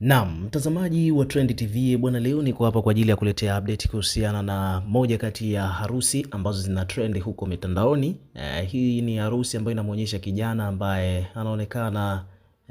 Naam, mtazamaji wa Trend TV bwana, leo niko hapa kwa ajili ya kuletea update kuhusiana na moja kati ya harusi ambazo zina trend huko mitandaoni. Eh, hii ni harusi ambayo inamwonyesha kijana ambaye anaonekana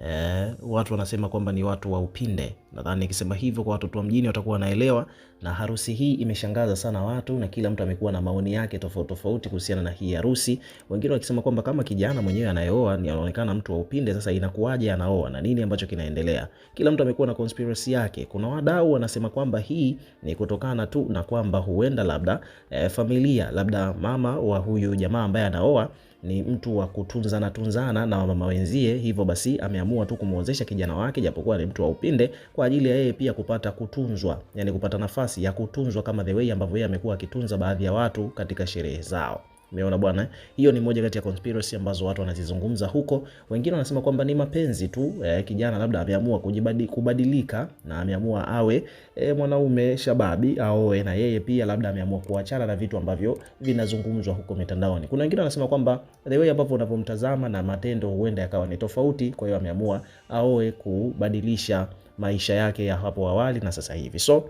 eh, watu wanasema kwamba ni watu wa upinde. Nadhani nikisema hivyo kwa watoto wa mjini watakuwa wanaelewa. Na harusi hii imeshangaza sana watu, na kila mtu amekuwa na maoni yake tofauti tofauti kuhusiana na hii harusi, wengine wakisema kwamba kama kijana mwenyewe anayeoa ni anaonekana mtu wa upinde, sasa inakuwaje anaoa na nini ambacho kinaendelea? Kila mtu amekuwa na conspiracy yake. Kuna wadau wanasema kwamba hii ni kutokana tu na kwamba huenda labda eh, familia labda mama wa huyu jamaa ambaye anaoa ni mtu wa kutunzana tunzana na wamama wenzie, hivyo basi ameamua tu kumwozesha kijana wake, japokuwa ni mtu wa upinde, kwa ajili ya yeye pia kupata kutunzwa, yani kupata nafasi ya kutunzwa kama the way ambavyo yeye amekuwa akitunza baadhi ya watu katika sherehe zao. Umeona bwana, eh? hiyo ni moja kati ya conspiracy ambazo watu wanazizungumza huko. Wengine wanasema kwamba ni mapenzi tu eh, kijana labda ameamua kubadilika na ameamua awe eh, mwanaume shababi aoe na yeye pia, labda ameamua kuachana na vitu ambavyo vinazungumzwa huko mitandaoni. Kuna wengine wanasema kwamba the way ambavyo unavyomtazama na matendo huenda yakawa ni tofauti, kwa hiyo ameamua aoe kubadilisha maisha yake ya hapo awali na sasa hivi so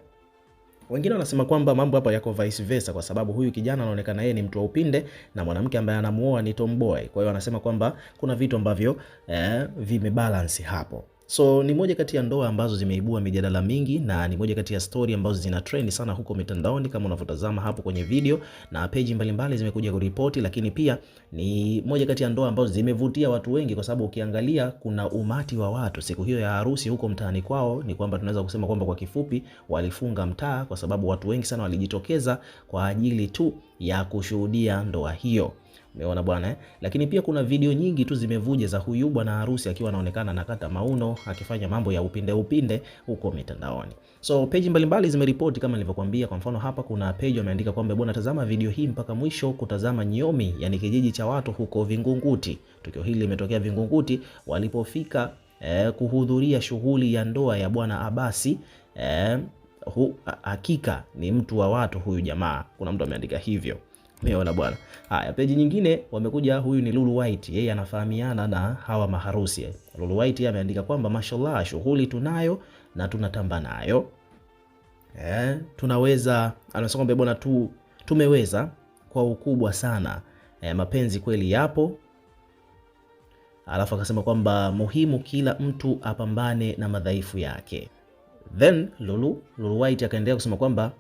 wengine wanasema kwamba mambo hapa yako vice versa, kwa sababu huyu kijana anaonekana yeye ni mtu wa upinde na mwanamke ambaye anamuoa ni tomboy. Kwa hiyo wanasema kwamba kuna vitu ambavyo eh, vimebalance hapo. So ni moja kati ya ndoa ambazo zimeibua mijadala mingi na ni moja kati ya stori ambazo zina trend sana huko mitandaoni kama unavyotazama hapo kwenye video, na peji mbalimbali zimekuja kuripoti, lakini pia ni moja kati ya ndoa ambazo zimevutia watu wengi, kwa sababu ukiangalia kuna umati wa watu siku hiyo ya harusi huko mtaani kwao. Ni kwamba tunaweza kusema kwamba kwa kifupi walifunga mtaa, kwa sababu watu wengi sana walijitokeza kwa ajili tu ya kushuhudia ndoa hiyo. Umeona bwana eh? Lakini pia kuna video nyingi tu zimevuja za huyu bwana harusi akiwa anaonekana anakata mauno akifanya mambo ya upinde upinde huko mitandaoni. So page mbalimbali zimeripoti kama nilivyokuambia. Kwa mfano hapa kuna page wameandika kwamba bwana, tazama video hii mpaka mwisho kutazama Nyomi, yani kijiji cha watu huko Vingunguti. Tukio hili limetokea Vingunguti walipofika eh, kuhudhuria shughuli ya ndoa ya bwana Abasi eh, hu, hakika ni mtu wa watu huyu jamaa. Kuna mtu ameandika hivyo. Umeona bwana. Haya, peji nyingine wamekuja, huyu ni Lulu White, yeye anafahamiana na hawa maharusi. Lulu White ameandika kwamba mashallah, shughuli tunayo na tunatamba nayo eh, tunaweza, anasema kwamba bwana tu tumeweza kwa ukubwa sana eh, mapenzi kweli yapo. Alafu akasema kwamba muhimu kila mtu apambane na madhaifu yake. Then Lulu Lulu White akaendelea kusema kwamba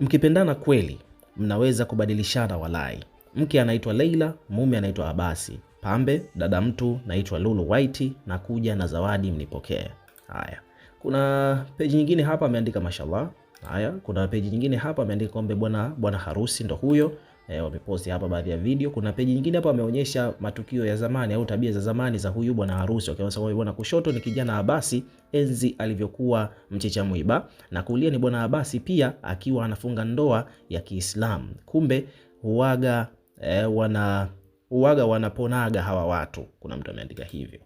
Mkipendana kweli, mnaweza kubadilishana walai. Mke anaitwa Leila, mume anaitwa Abasi. Pambe, dada mtu naitwa Lulu White, na kuja na zawadi mnipokee. Haya, kuna peji nyingine hapa ameandika mashallah. Haya, kuna peji nyingine hapa ameandika kwamba bwana bwana harusi ndo huyo E, wameposti hapa baadhi ya video. Kuna peji nyingine hapa wameonyesha matukio ya zamani au tabia za zamani za huyu bwana harusi. kwamba bwana kushoto ni kijana Abasi enzi alivyokuwa mchicha mwiba na kulia ni bwana Abasi pia akiwa anafunga ndoa ya Kiislamu. Kumbe huaga e, eh, wana uwaga wanaponaga hawa watu. Kuna mtu ameandika hivyo.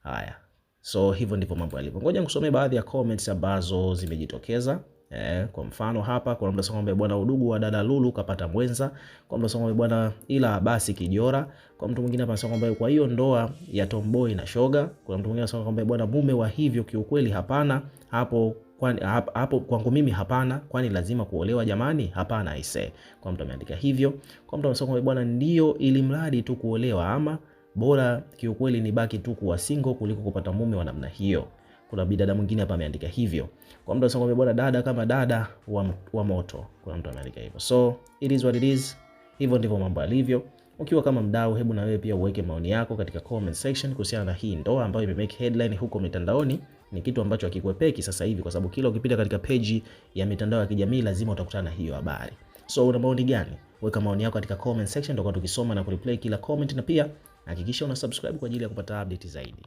Haya, so hivyo ndivyo mambo yalivyo. Ngoja nikusomee baadhi ya comments ambazo zimejitokeza. Eh, kwa mfano hapa kuna mtu anasema bwana udugu wa dada Lulu kapata mwenza. Kwa mtu anasema bwana ila basi kijora. Kwa mtu mwingine hapa anasema kwa hiyo ndoa ya tomboy na shoga. Kuna mtu mwingine anasema kwamba bwana mume wa hivyo kiukweli hapana hapo kwani hapo kwangu mimi hapana, kwani lazima kuolewa jamani? Hapana aise. Kwa mtu ameandika hivyo. Kwa mtu anasema kwamba bwana ndio, ili mradi tu kuolewa, ama bora kiukweli ni baki tu kuwa single kuliko kupata mume wa namna hiyo. Kuna bidada mwingine hapa ameandika hivyo. Kwa mtu anasema bwana dada kama dada wa, wa moto. Kuna mtu ameandika hivyo. So it is what it is. Hivyo ndivyo mambo yalivyo. Ukiwa kama mdau, hebu na wewe pia uweke maoni yako katika comment section kuhusiana na hii ndoa ambayo imemake headline huko mitandaoni. Ni kitu ambacho hakikwepeki sasa hivi, kwa sababu kila ukipita katika peji ya mitandao ya kijamii lazima utakutana na hiyo habari. So una maoni gani? Weka maoni yako katika comment section, tutakuwa tukisoma na kureply kila comment, na pia hakikisha una subscribe kwa ajili ya kupata update zaidi.